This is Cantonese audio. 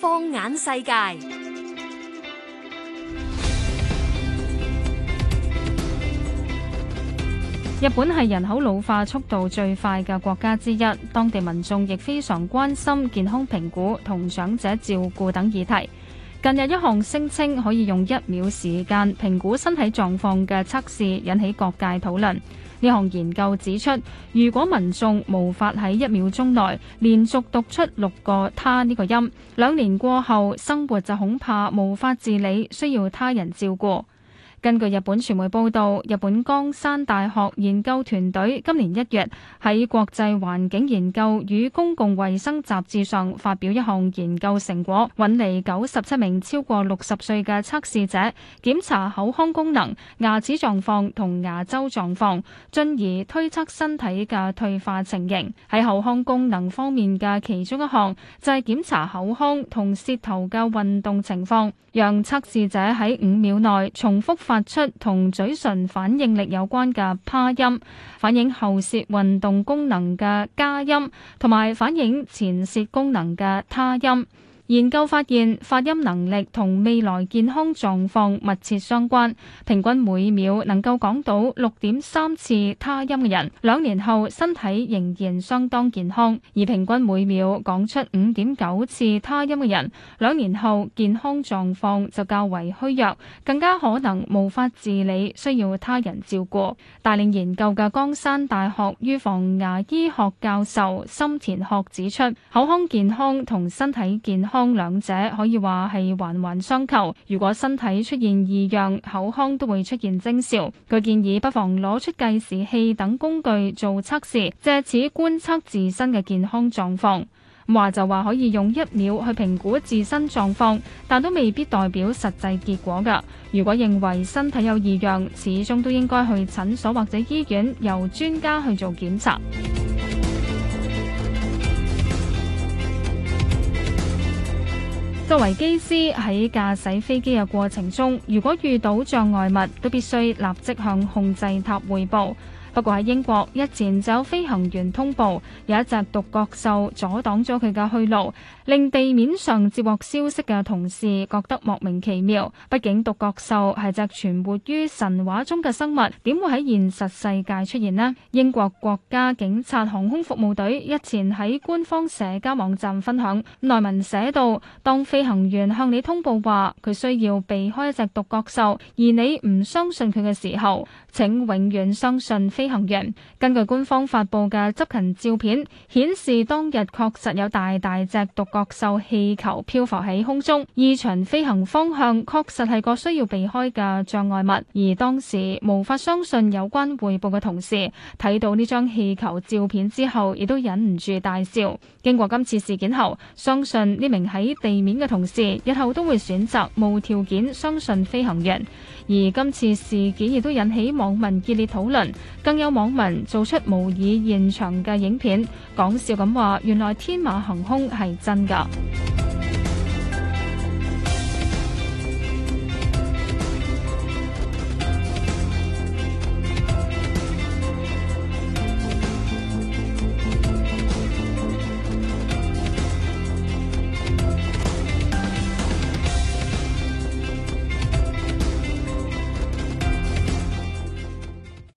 放眼世界，日本係人口老化速度最快嘅國家之一，當地民眾亦非常關心健康評估同長者照顧等議題。近日一項聲稱可以用一秒時間評估身體狀況嘅測試引起各界討論。呢項研究指出,如果民眾無法喺一秒鐘內,連續讀出六個他這個音,兩年過後生活就恐怕無法自理需要他人照顧。根據日本傳媒報道，日本江山大學研究團隊今年一月喺《國際環境研究與公共衛生》雜誌上發表一項研究成果，搵嚟九十七名超過六十歲嘅測試者，檢查口腔功能、牙齒狀況同牙周狀況，進而推測身體嘅退化情形。喺口腔功能方面嘅其中一項，就係檢查口腔同舌頭嘅運動情況，讓測試者喺五秒內重複。發出同嘴唇反應力有關嘅帕音，反映喉舌運動功能嘅加音，同埋反映前舌功能嘅他音。研究發現，發音能力同未來健康狀況密切相關。平均每秒能夠講到六點三次他音嘅人，兩年後身體仍然相當健康；而平均每秒講出五點九次他音嘅人，兩年後健康狀況就較為虛弱，更加可能無法自理，需要他人照顧。帶領研究嘅江山大學預防牙醫學教授森田學指出，口腔健康同身體健康。兩者可以話係環環相扣，如果身體出現異樣，口腔都會出現徵兆。佢建議不妨攞出計時器等工具做測試，借此觀測自身嘅健康狀況。話就話可以用一秒去評估自身狀況，但都未必代表實際結果㗎。如果認為身體有異樣，始終都應該去診所或者醫院，由專家去做檢查。作為機師，喺駕駛飛機嘅過程中，如果遇到障礙物，都必須立即向控制塔匯報。不過喺英國日前就有飛行員通報，有一隻獨角獸阻擋咗佢嘅去路，令地面上接獲消息嘅同事覺得莫名其妙。畢竟獨角獸係隻存活於神話中嘅生物，點會喺現實世界出現呢？英國國家警察航空服務隊日前喺官方社交網站分享，內文寫道，當飛行員向你通報話，佢需要避開一隻獨角獸。而你唔相信佢嘅時候，請永遠相信飛行員。飛行員根據官方發布嘅執勤照片顯示，當日確實有大大隻獨角獸氣球漂浮喺空中，異常飛行方向確實係個需要避開嘅障礙物。而當時無法相信有關匯報嘅同事，睇到呢張氣球照片之後，亦都忍唔住大笑。經過今次事件後，相信呢名喺地面嘅同事日後都會選擇無條件相信飛行員。而今次事件亦都引起網民熱烈討論。更有網民做出模擬現場嘅影片，講笑咁話：原來天馬行空係真噶。